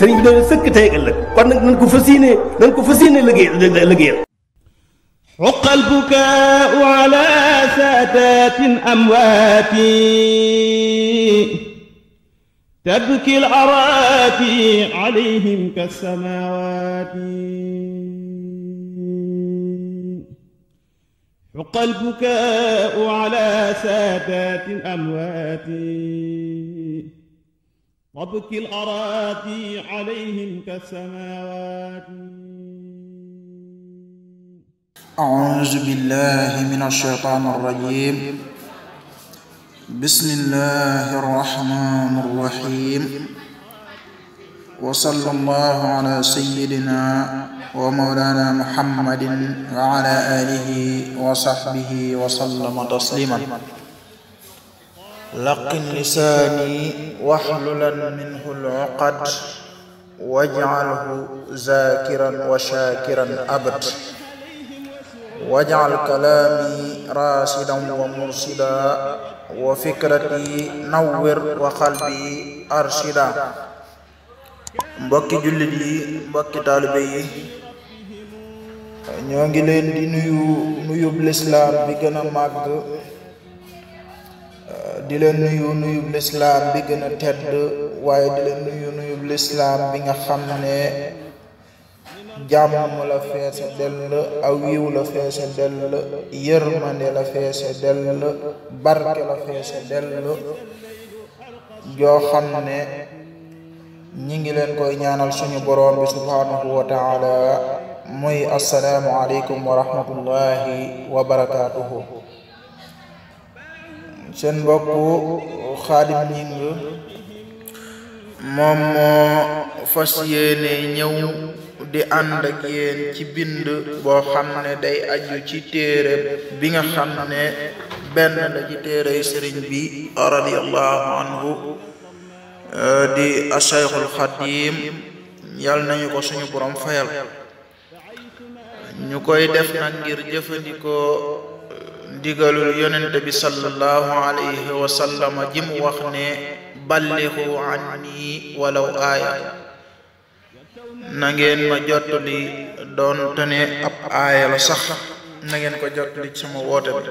sëriñ bi dana sëkk tey ëllëg kon nag nañ ko fas yéene nañ ko fas yéene liggéey liggéeyal حق البكاء على سادات أمواتي تبكي الأراتي عليهم كالسماوات حق البكاء على سادات أمواتي وابكي الأراضي عليهم كالسماوات أعوذ بالله من الشيطان الرجيم بسم الله الرحمن الرحيم وصلى الله على سيدنا ومولانا محمد وعلى آله وصحبه وسلم تسليما laqin lisaani waxlulan minhu luqad wajcalhu zaakiran wa shaakiran abad wajcal kalaami raasidan wa mursida wa fikrati nawwir wa qalbi arshida mbokki jullit yi mbokki taalibe ngi leen nuyub lislaam bi gën di la nuyu nuyub lislaam bi gën a tedd waaye di la nuyu nuyub lislaam bi nga xam ne jàmm la feese dell aw la feese dell yërmande la feese dell barke la feese dell joo ne ñi ngi leen koy ñaanal suñu boroom bi subhaanahu wa taala muy assalaamu aleykum wa rahmatullahi wa barakaatuhu seen mbokk xaadim ning moom moo fas yéene ñëw di ànd ak yéen ci bind boo xam ne day aju ci téere bi nga xam ne benn la ci téere sëriñ bi radiyallahu anhu euh, di ashaykhul xadim yal nañu ko suñu borom fayal ñu koy def nag ngir jëfandikoo ndigalul yonent bi sallallahu alayhi wa ji mu wax ne ballixu anni walaw aaya na ngeen ma jottali doonte ne ab aaya la sax na ngeen ko jottali sama woote bi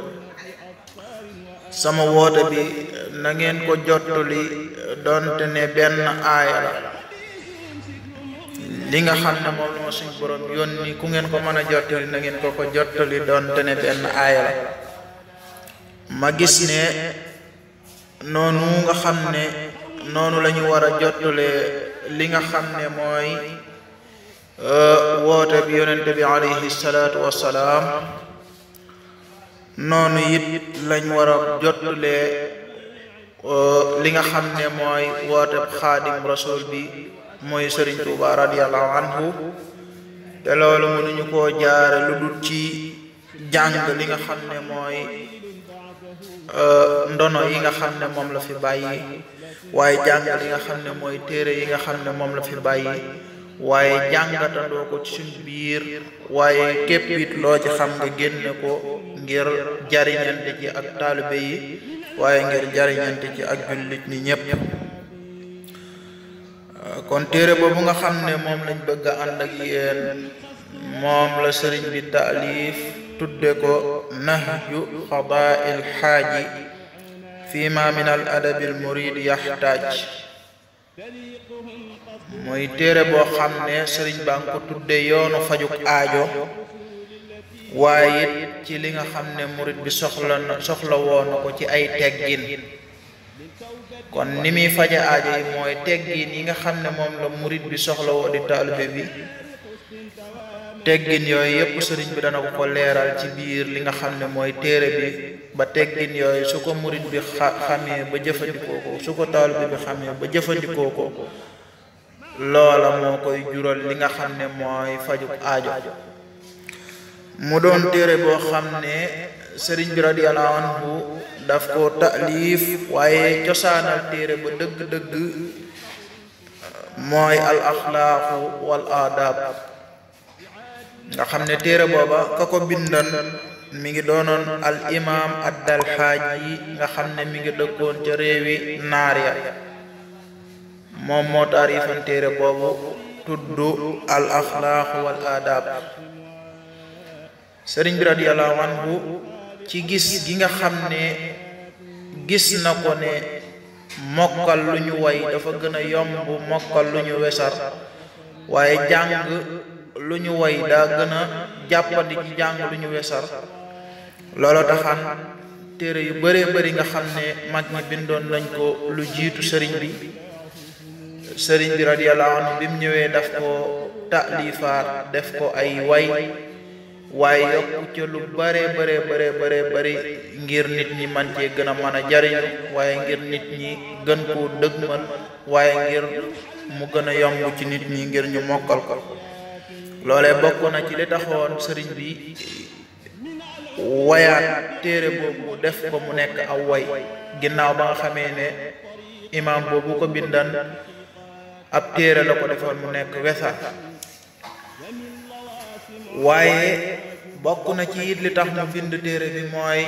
sama woote bi na ngeen ko jottali doonte ne benn aaya la li nga xam ne moom la ma suñ borom yónni ku ngeen ko mën a jottali na ngeen ko ko jottali doonte ne benn aaya ma gis ne noonu nga xam ne noonu lañu ñu war a jottule euh, euh, li nga xam ne mooy woote bi yonente bi alayhi salaatu wassalaam noonu it lañ war a jottule li nga xam ne mooy woote xaadim rasul bi mooy sëriñ tuuba radiallahu anhu te loolu mënuñu koo jaare lu dul ci jàng li nga xam ne mooy Euh, ndono yi nga xam ne moom la fi bàyyi waaye jàng yi nga xam ne mooy téere yi nga xam ne moom la fi bàyyi waaye jàngatandoo ko ci suñ biir waaye képp it loo ci xam nga génne ko ngir jariñante ci ak taalibe yi waaye ngir jariñante ci ak jullit ñi ñépp euh, kon téere boobu nga xam ne moom lañ bëgg a ànd ak yéen moom la sëriñ bi taalif tudde ko nahyu qadaa alxaaji fi ma min al adabi al murid yaxtaaj muy téere boo xam ne sëriñ baa tudde yoonu fajuk aajo waaye it ci li nga xam ne murid bi soxla na soxla woon ko ci ay teggin kon ni muy faja aajo yi mooy teggin yi nga xam ne moom la murid bi soxla woo di taalibe bi teggin yooyu yëpp sëriñ bi dana ko ko leeral ci biir li nga xam ne mooy téere bi ba teggin yooyu su ko murit bi xamee ba jëfandikoo ko su ko taalibe ba jëfandikoo ko loola moo koy jural li nga xam ne mooy fajuk aajo mu doon téere boo xam ne sëriñ bi radiyallahu anhu daf ko taalif waaye cosaanal téere ba dëgg-dëgg mooy al axlaaqu wal aadab nga xam ne téere booba ka ko bindoon mi ngi doonoon al imaam addalxaaj yi nga xam ne mi ngi dëkkoon ca réewi naar ya moom moo taarifan téere boobu tudd al axlaaq wal aadab sëriñ bi radiyallahu anhu ci gis gi nga xam ne gis na ko ne mokkal lu ñu way dafa gën a yomb mokkal lu ñu wesar waaye jàng lu ñu woy daa gën a jàppandi ci jàng lu ñu wesar looloo taxaan téere yu bëree bëri nga xam ne mag ñi bindoon lañ ko lu jiitu sëriñ bi sëriñ bi radiyallahu anhu bi mu ñëwee daf ko taalifaat def ko ay way waaye yokku ca lu bare bare bare bare ngir nit ñi man cee gën a mën a jariñu waaye ngir nit ñi gën koo dëgmal waaye ngir mu gën a yomb ci nit ñi ngir ñu mokkal ko loole bokk na ci li taxoon sëriñ bi wayaat téere boobu def ko mu nekk aw woy ginnaaw ba nga xamee ne imaam boobu ko bindan ab téere la ko defoon mu nekk wesa waaye bokk na ci it li tax mu bind téere bi mooy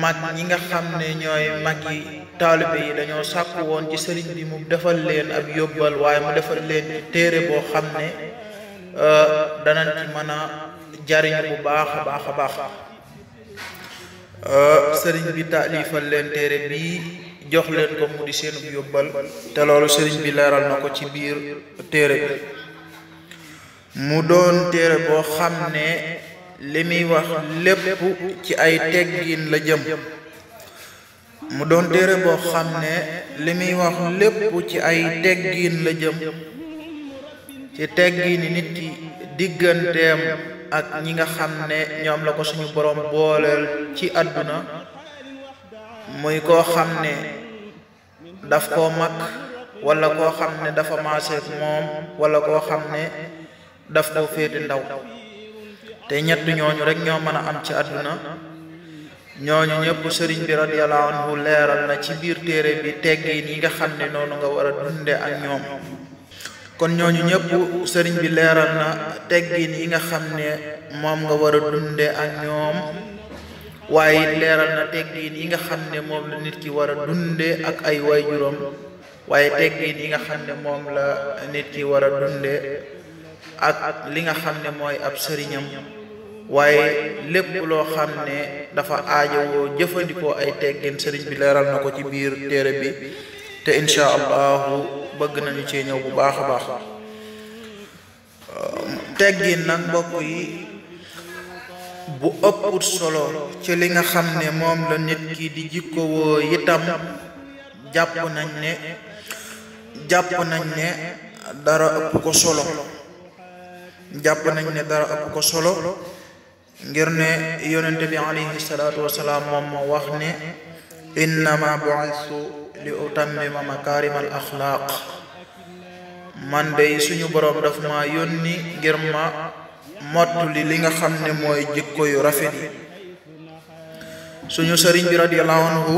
mag ñi nga xam ne ñooy mag yi taalibe yi dañoo sàkku woon ci sëriñ bi mu defal leen ab yóbbal waaye mu defal leen téere boo xam ne Euh, danañ ci mën a jariñ bu baax a baax a baax euh, sëriñ bi taalifal leen téere bii jox leen ko di seen yóbbal te loolu sëriñ bi leeral na ko ci biir téere bi mu doon téere boo xam ne li muy wax lépp ci ay teggin la jëm mu doon téere boo xam ne li muy wax lépp la jëm ci teggini nit ki digganteem ak ñi nga xam ne ñoom la ko suñu borom booleel ci àdduna muy koo xam ne daf koo mag wala koo xam ne dafa maaseek moom wala koo xam ne daf koo féete ndaw te ñett ñooñu rek ñoo mën a am ci àdduna ñooñu ñëpp sëriñ bi radiyallahu anhu leeral na ci biir téere bi teggin yi nga xam ne noonu nga war a dunde ak ñoom kon ñooñu ñëpp sëriñ bi leeral na teggin yi nga xam ne moom nga war a dunde ak ñoom waaye it leeral na teggin yi nga xam ne moom la nit ki war a dunde ak ay waajuram waaye yi nga xam ne moom la nit ki war a dunde ak li nga xam ne mooy ab sëriñam waaye lépp loo xam ne dafa aajowoo jëfandikoo ay teggin sëriñ bi leeral na ko ci biir téere bi te incha allahu bëgg nañu ci ñëw bu baax a baax euh, teggin nag mbokk yi bu ëpput solo ci li nga xam ne moom la nit ki di jikkowoo itam jàpp nañ ne jàpp nañ ne dara ëpp ko solo nañ ne dara ëpp ko solo ngir ne yonente bi alayhi salaatu wasalaam moom moo wax ne innama bu'istu li utammima makaarimal axlaaq man dey suñu boroom daf ma yónni ngir ma mottu li li nga xam ne mooy jikko yu rafet yi suñu sëriñ bi radiyallahu anhu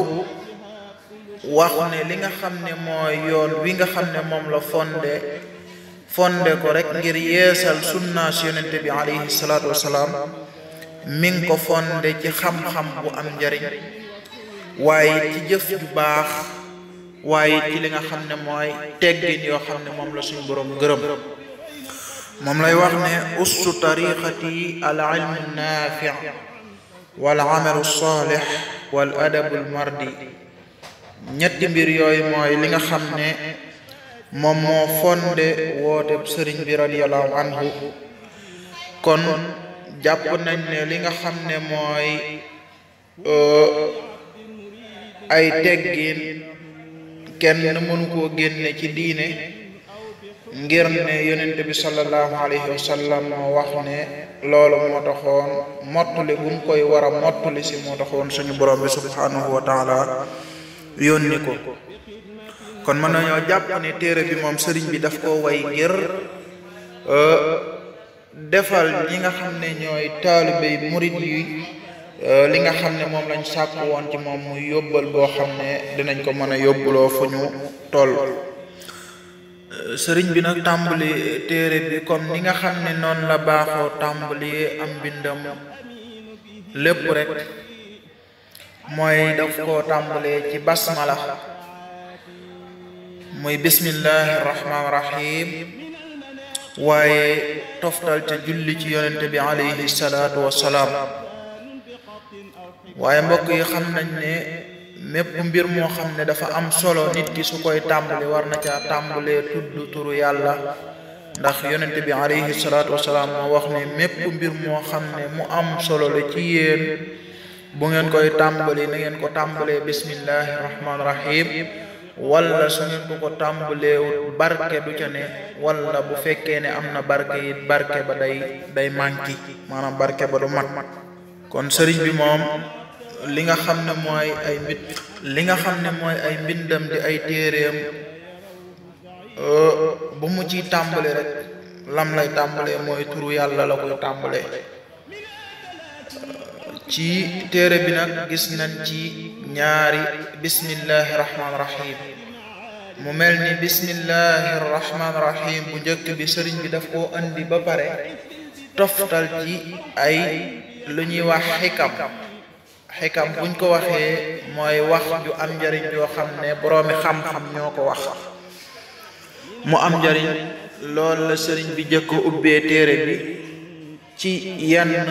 wax ne li nga xam ne mooy yoon wi nga xam ne moom la fonde fonde ko rek ngir yeesal sunna si yonente bi alayhi salaatu wasalaam mi ko fonde ci xam-xam bu am njariñ waaye ci jëf ju baax waaye ci li nga xam ne mooy teggin yoo xam ne moom la suñu borom gërëm moom lay wax ne ussu tariqati al ilmu naafi wal amalu saalix wal adabu mardi ñetti mbir yooyu mooy li nga xam ne moom moo fonde wooteb sëriñ bi radiallahu anhu kon jàpp nañ ne li nga xam ne mooy euh, ay teggin kenn mënu koo génne ci diine ngir ne yonent bi sallallahu alayhi wa sallam moo wax ne loolu moo taxoon mottali buñ koy war a mottali si moo taxoon suñu borom bi subhaanahu wa taala yónni ko kon mën nañoo jàpp ne téere bi moom sëriñ bi daf ko way ngir euh, defal ñi nga xam ne ñooy taalibe murid yi Euh, li nga xam ne moom lañ sàkku woon ci moom muy yóbbal boo xam ne dinañ ko mën a yóbbuloo fu ñu toll euh, sëriñ bi nag tàmbali téere bi comme ni nga xam ne noonu la baaxoo tàmbali am bindam lépp rek mooy daf koo tàmbalee ci basmala muy bismillahi rahmaani rahim waaye toftal ca julli ci yonente bi alayhi salaatu wassalaam waaye mbokk yi xam nañ ne mépp mbir moo xam ne dafa am solo nit ki su koy tàmbali war na caa tàmbalee tudd turu yàlla ndax yonent bi alayhi salaatu wasalaam moo wax ne mépp mbir moo xam ne mu am solo lu ci yéen bu ngeen koy tàmbali na ngeen ko tàmbalee bismillahi rahmaani rahim wala su ngeen ko ko tàmbaleewul barke du ca ne wala bu fekkee ne am na barke yi barke ba day day manki maanaam barke ba du mat kon sëriñ bi moom li nga xam ne mooy ay mbit li nga xam ne mooy ay mbindam di ay téeréem euh, bu mu ciy tàmbale rek lam lay tàmbalee mooy turu yàlla la koy tàmbalee euh, ci téere bi nag gis nañ ci ñaari bismillahi rahman rahim mu mel ni bismillahi rahman rahim bu njëkk bi sëriñ bi daf koo andi ba pare toftal ci ay lu ñuy wax xikam xikam buñ ko waxee mooy wax ju am njariñ yoo xam ne boroomi xam-xam ñoo ko wax mu am njariñ lool la sëriñ bi jëkk ubbee téere bi ci yenn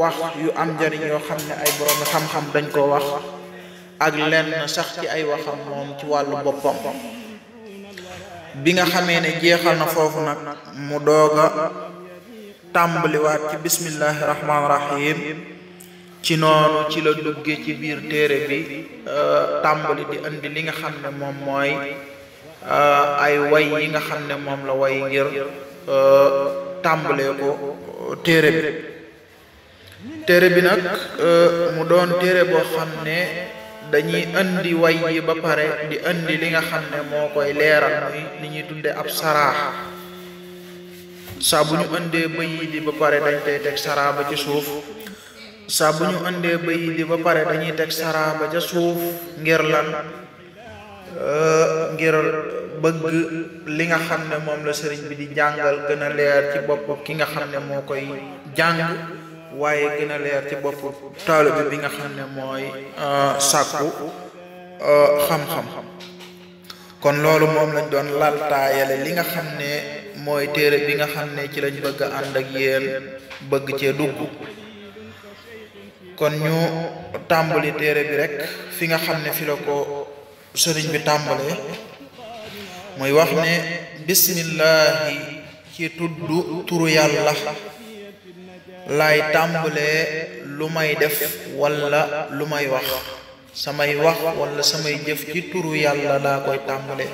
wax yu am njariñ yoo xam ne ay boroomi xam-xam dañ ko wax ak lenn sax ci ay waxam moom ci wàllu boppam bi nga xamee ne jeexal na foofu nag mu doog a tàmbaliwaat ci bismillahi rahmaani rahim ci noonu ci la dugge ci biir téere bi euh, tàmbali di indi li nga xam ne moom mooy euh, ay way yi nga xam ne moom la way ngir euh, tàmbalee ko téere bi téere bi nag mu doon téere boo xam ne dañuy indi way yi ba pare di indi li nga xam ne moo koy leeral muy li ñuy tudde ab saraax saa bu ñu indee bëy yi di ba pare dañ koy teg saraa ba ci suuf saa bu ñu andee bay li ba pare dañuy teg saraa ba ca suuf ngir lan ngir bëgg li nga xam ne moom la sëriñ bi di jàngal gën a leer ci bopp ki nga xam ne moo koy jàng waaye gën a leer ci bopp nga xam ne mooy sàkku xam-xam kon loolu moom lañ doon laltaayale li nga xam ne mooy téere bi nga xam ne ci lañ bëgg ànd ak yéen bëgg cee dugg kon ñu tàmbali téere bi rek fi nga xam ne fi la ko sëriñ bi tàmbalee mooy wax ne bismillahi ci tudd turu yàlla laay tàmbalee lu may def wala lu may wax samay wax walla samay jëf ci turu yàlla laa koy tàmbalee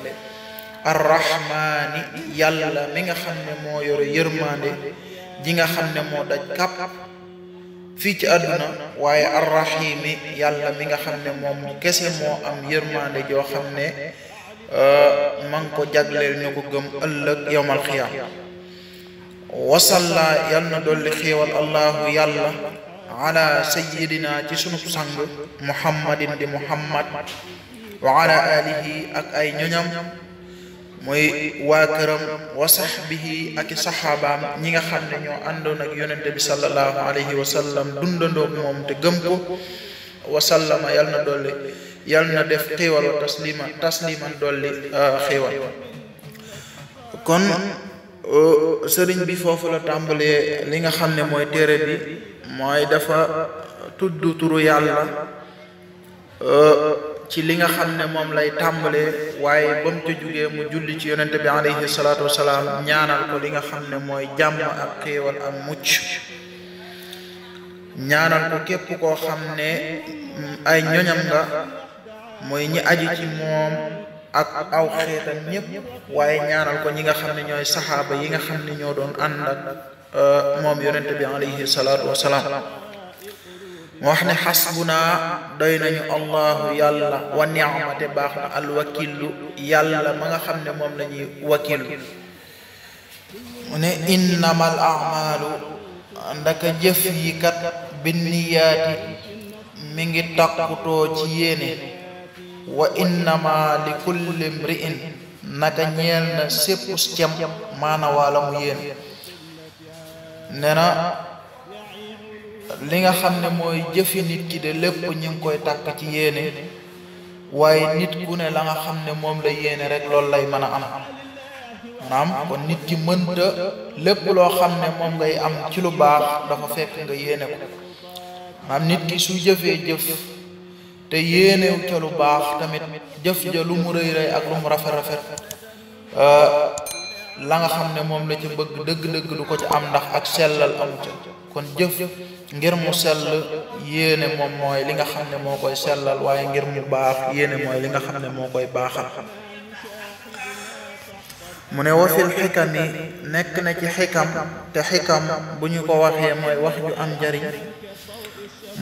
arrahmaani yàlla mi nga xam ne moo yore yërmaande ji nga xam ne moo daj kàpp fii ci àdduna waaye arrahimi yàlla mi nga xam ne moom kese moo am yërmande joo xam ne euh, ma ngi ko jagleel ñu ko gëm ëllëg yowmal xiyaam wasalla yal na dolli xéewal allahu yàlla ala sayidina ci sunu sang muhammadin di muhammad wa ala alihi ak ay ñoñam mooy waa këram wa sahbihi ak i saxaabaam ñi nga xam ne ñoo àndoon ak yonente bi sallallahu alayhi wa sallam moom te gëm ko wa sallama yal na dolli yal na def xiiwal wa taslima tasliman dolli ah, xiiwal kon sëriñ bi foofu la tàmbalee li nga xam ne mooy téere bi mooy dafa tudd turu yàlla ci li nga xam ne moom lay tàmbalee waaye ba mu ca mu julli ci yonente bi alayhi salaatu wasalaam ñaanal ko li nga xam ne mooy jàmm ak xéewal ak mucc ñaanal ko képp koo xam ne ay ñoñam nga mooy ñi aji ci moom ak aw xeetam ñëpp waaye ñaanal ko ñi nga xam ne ñooy saxaaba yi nga xam ne ñoo doon ànd ak euh, moom yonente bi alayhi salaatu wasalaam mu wax ne naa doy nañu allahu yàlla wa ni'mate baax na alwakilu yàlla ma nga xam ne moom la ñuy wakilu mu ne innamal amalu ndaka jëf yi kat binniyaati mi ngi takkutoo ci yéene wa innama li kulli mri'in naka ñeel na séppus cem maana waala mu yéen li nga xam ne mooy jëfi nit ki de lépp ñu ngi koy tàkk ci yéene waaye nit ku ne la nga xam ne moom la yéene rek loolu lay mën a am maanaam kon nit ki mënta lépp loo xam ne moom ngay am ci baax dafa fekk nga yéene ko maanaam nit ki su jëfee jëf te yéenew ca lu tamit jëf ja lu mu ak lu mu rafet rafet euh, la nga xam ne moom la bëgg dëgg-dëgg du ko ci am ndax ak sellal amu ca kon jëf ngir mu sell yéene moom mooy li nga xam ne moo koy sellal waaye ngir mu baax yéene mooy li nga xam ne moo koy baaxal mu ne wa fil xikam yi nekk na ci xikam te xikam bu ñu ko waxee mooy wax ju am njariñ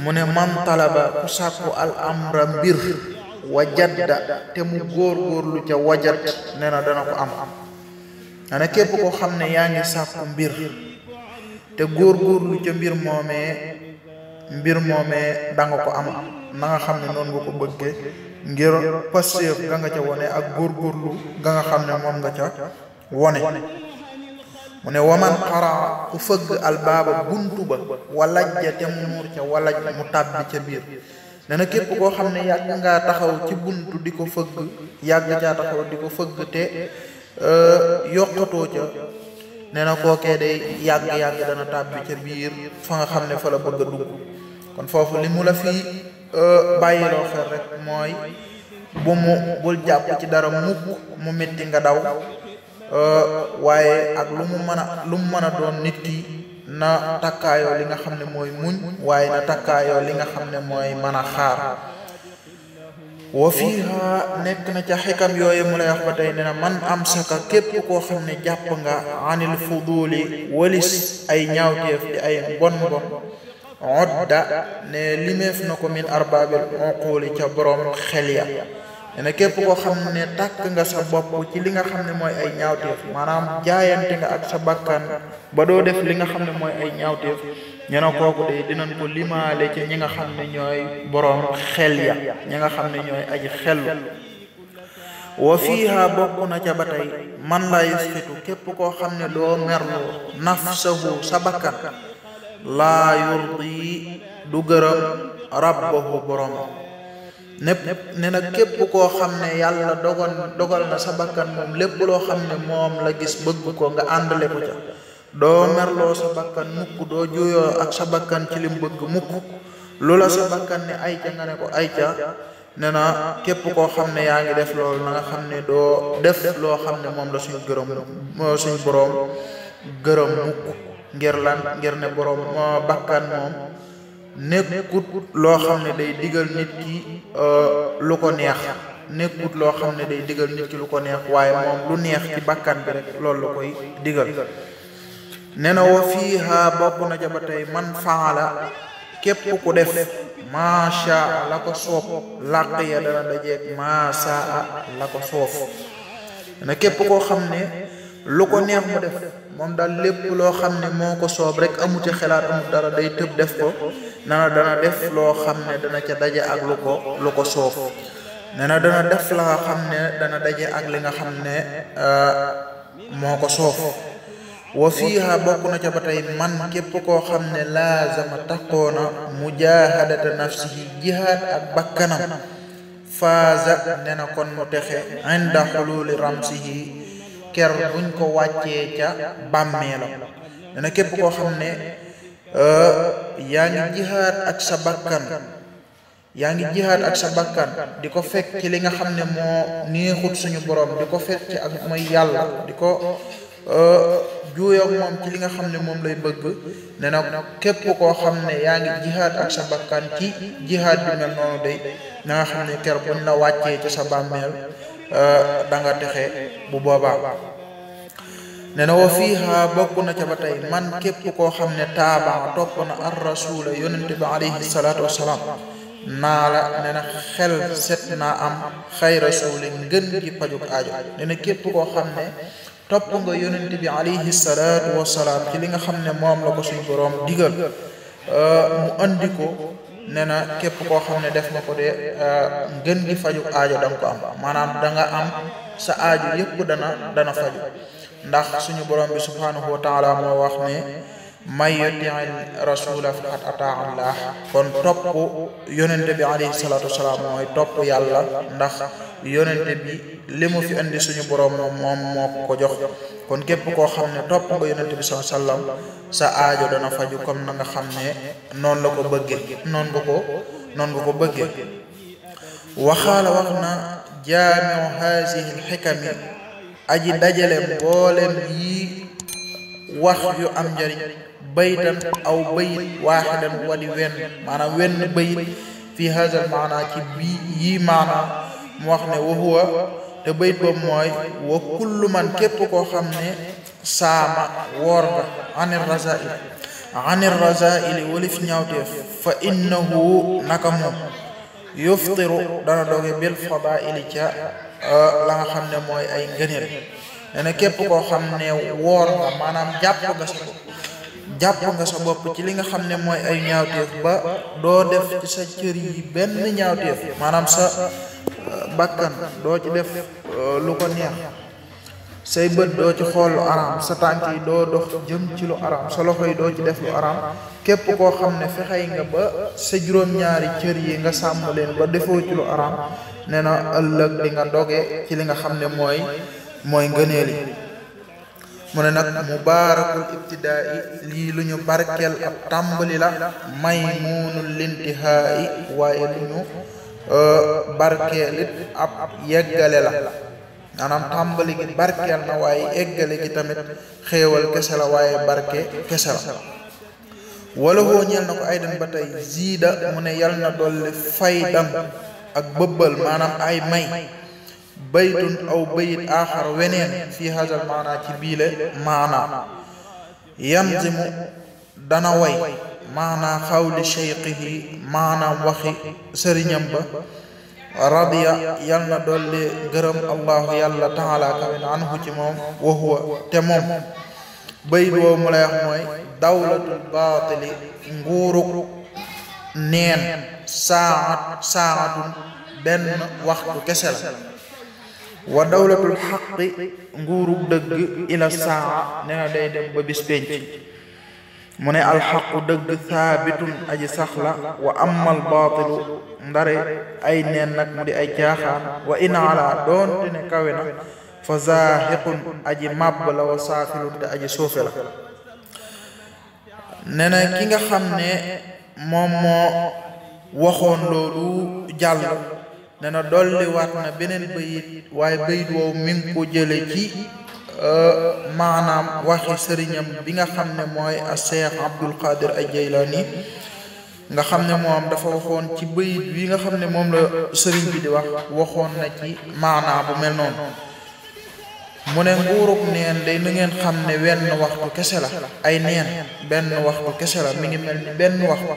mu ne man talaba ku sàkku al amra mbir wajadda te mu góor góorlu ca wajat nee na dana ko am ana képp koo xam ne yaa ngi sàkku mbir te góor-góorlu ca mbir moomee mbir moomee da nga ko am na nga xam ne noonu nga ko bëggee ngir passeef ga nga ca wone ak góor-góorlu ga nga xam ne moom nga ca wone mu ne waman xaraa ku fëgg albaaba buntu ba walajja te mu muur ca walaj mu tàbbi ca biir dana képp koo xam ne yàgg nga taxaw ci buntu di ko fëgg yàgg caa taxaw di ko fëgg te euh, yokkatoo ca nee na kookee day yàgg-yàgg dana tàbbi ca biir fa nga xam ne fa la bëgg a dugg kon foofu li mu la fi euh, bàyyiloo xel rek mooy bu mu bul jàpp ci dara mukk mu métti nga daw euh, waaye ak lu mu mën a lu mu mën a doon nit ki na takkaayoo li nga xam ne mooy muñ waaye na takkaayoo li nga xam ne mooy mën a xaar wa fiha nekk na ca xikam yooyu mu lay wax ba tey ne na man am saka képp koo xam ne jàpp nga anil fuduli walis ay ñaawteef di ay bon bon odda ne limeef na ko min arbaabil uquli ca borom xel ya nee képp koo xam ne takk nga sa bopp ci li nga xam ne mooy ay ñaawteef maanaam jaayante nga ak sa bakkan ba doo def li nga xam ne mooy ay ñaawteef ñu ne kooku de dinañ ko limaale ci ñi nga xam ne ñooy boroom xel ya ñi nga xam ne ñooy aji xellu wa fiiha bokk na ca ba tey man laa yusfitu képp koo xam ne doo merloo nafsahu sa bakkan laa yurdi du gërëm rabbahu boroom népp ne nag képp koo xam ne yàlla dogal dogal na sa bakkan moom lépp loo xam ne moom la gis bëgg ko nga àndale ko ca doo merloo sa bakkan mukk doo juyoo ak sa bakkan ci bëgg mukk lu la sa bakkan ne ay ca nga ne ko ay ca ne képp koo xam ne yaa ngi def loolu na xam ne doo def loo xam ne moom la suñu gërëm suñu boroom gërëm mukk ngir lan ngir ne boroom bakkan moom nekkut loo xam ne day digal nit ki euh, lu ko neex nekkut loo xam ne day digal nit ki lu ko neex waaye moom lu neex ci bakkan bi rek loolu la koy digal nee na wa fiiha bokk ba tey man faala képp ku def macha la ko soob làq ya dana dajeeg macha la ko soof na képp koo xam ne lu ko neex mu def moom daal lépp loo xam ne moo ko soob rek amu ci xelaat amut dara day tëb def ko nana dana def loo xam ne dana ca daje ak lu ko lu ko soob nee na def la xam ne dana daje ak li nga xam ne uh, moo ko soob wa fiiha bokk na ca ba tey man képp koo xam ne laazama taxoona mujaahadata nafsihi jihaad ak bakkanam faaza nee na kon mu texe inda xuluuli ramsihi ker buñ ko wàccee ca bàmmeelam dana képp koo xam ne euh, yaa ngi jihaad ak sa bakkan yaa ngi jihaad ak sa bakkan di ko fekk ci li nga xam ne moo neexut suñu borom di ko fekk ak mooy yàlla di ko euh, juuyoo moom ci li nga xam ne moom lay bëgg ne na képp koo xam ne yaa ngi jihaad ak sa bakkan ci jihaad bi mel noonu day na nga xam ne ker buñ la wàccee ca sa bàmmeel Euh, danga nga texe bu boobaa nee na wa fiiha bokk na ca ba tey man képp koo xam ne taaba topp na ar rasula yonente bi alayhi salaatu wasalaam naa la xel set naa am xay rasuli ngën gi pajuk aajo nee képp koo xam ne topp nga yonente bi alayhi salaatu wasalaam ci li nga xam ne moom la ko suñ boroom digal euh, mu andi nee na képp koo xam ne def nga ko de euh, ngën gi faju aajo danga ko am maanaam danga am sa aajo yëpp dana dana faju ndax suñu borom bi subhanahu wa taala moo wax ne man yutii rasula faqad ataa allah kon topp yonente bi alayhi salatu wasalaam mooy topp yàlla ndax yonente bi li mu fi andi suñu borom moom moo ko jox kon képp koo xam ne topp nga yonente bi sallallahu sa ajo dana faju comme na nga xam ne noonu la ko bëgge noonu nga ko noonu nga ko bëgge waxaala wax na jaamiu haasihi lxikami aji dajale mboolem yi wax yu am njariñ baytan aw bayit waaxidan wali wenn maanaam wenn bayit fii haasal maana ci bii yii maana mu wax ne wa huwa te bayit ba mooy wa kullu man képp koo xam ne saama woor nga anir razail anir razaili walif ñaawteef fa innahu naka moom yuftiru dana doge bil fadaili ca euh, la xam ne mooy ay ngëneel nee képp koo xam ne woor nga maanaam jàpp nga sa bopp jàpp nga sa bopp ci li nga xam ne mooy ay ñaawteef ba doo def ci sa cër yi benn ñaawteef maanaam sa bàkkan doo ci def euh, lu ko neex say bët doo ci xool lu araam sa tànk yi doo dox jëm ci lu araam sa loxo yi doo ci def lu araam képp koo xam ne fexey nga ba sa juróom-ñaari cër yi nga sàmm leen ba defoo ci lu araam nee na ëllëg di nga doge ci li nga xam ne mooy mooy ngëneel yi mu ne nag mubaarakul ibtidaa'i lii lu ñu barkeel ab tàmbali la may muunul lintihaa'i waaye lu ñu Euh, barkeel it ab yeggale la maanaam tàmbali gi barkeel na waaye eggale gi tamit xéewal kese la waaye barke kese la wala woo ñeel na ko ay dan ba tey ziida mu ne yal na dolli faydam ak bëbbal maanaam ay may baytun aw bayit aaxar weneen fii hasal maanaa ci biile maanaa yamzimu dana way maana xawli cheyqihi maanaam waxi sëriñam ba radiya yal na dolli gërëm allahu yàlla taala anhu ci moom wa huwa te moom bay boo mu lay wax mooy dawlatul baatili nguuruk neen saat benn waxtu kese la wa dawlatul xaqi nguuruk dëgg ila saa nee na day dem ba bis mu ne alxaqu dëgg saabitun aji sax la wa amal baatilu ndare ay neen nag mu di ay caaxaan wa in ala doonte ne kawe na fa zaahiqun aji màbb la wa saafilun te aji suufe la nee na ki nga xam ne moom moo waxoon loolu jàll nee na dolliwaat na beneen bayit waaye bayit woowu mi jële ci Euh, maanaam waxi sëriñam bi nga xam ne mooy Cheikh Abdul Qadir al Jaylani nga xam ne moom dafa waxoon ci bayit bi nga xam ne moom la sëriñ bi di wax waxoon na ci maanaa bu mel noonu mu ne nguurug neen day na ngeen xam ne wenn waxtu kese la ay neen benn waxtu kese la mi ngi mel ni benn waxtu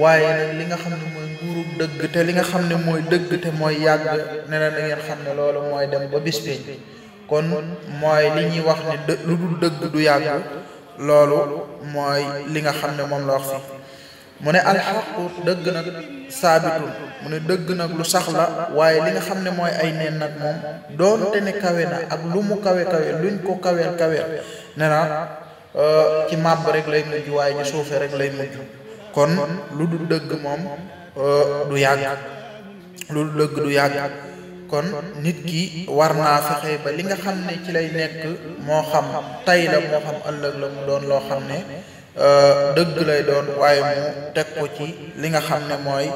waaye li nga xam ne mooy nguurug dëgg te li nga xam ne mooy dëgg te mooy yàgg ne na da ngeen xam ne loolu mooy dem ba bis bi kon mooy li ñuy wax ne lu dul dëgg du yàgg loolu mooy li nga xam ne moom la wax fi mu ne alxaqu dëgg nag saabitun mu ne dëgg nag lu sax la waaye li nga xam ne mooy ay neen nag moom doonte ne kawe na ak lu mu kawe kawe luñ ko kaweel kaweel ne na euh, ci màbb rek lay mujj waaye ñu suufe rek lay mujj kon lu dul dëgg moom euh, du yàgg lu dul dëgg du yàgg kon nit ki war naa fexe ba li nga xam ne ci lay nekk moo xam tey la moo xam ëllëg la mu doon loo xam ne euh, dëgg lay doon waaye mu teg ko ci li nga xam ne mooy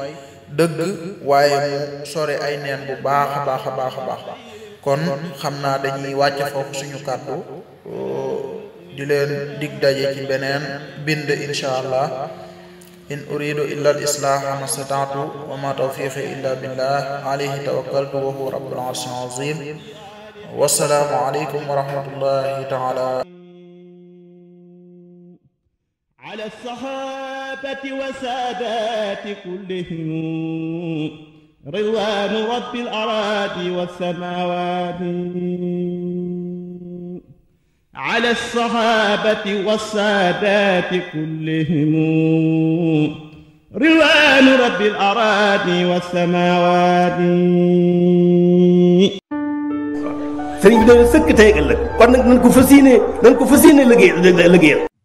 dëgg waaye mu sore ay neen bu baax a baax a baax a baax kon xam naa dañuy wàcc foofu suñu kàddu euh, di leen dig daje ci beneen bind incha allah in uridu illa al islaaha mastata'tu wa ma tawfiqi illa billah alayhi tawakkaltu wa huwa rabbul arshil azim wassalaamu aleykum wa rahmatullahi taala ala as-sahabati wa saadati kullihim ridwanu rabbil aradi was samawati على الصحابة والسادات كلهم رضوان رب الأراضي والسماوات sëriñ bi de sëkk tey ëllëg kon nag nañ ko fas yéene nañ ko fas yéene liggéey liggéeyal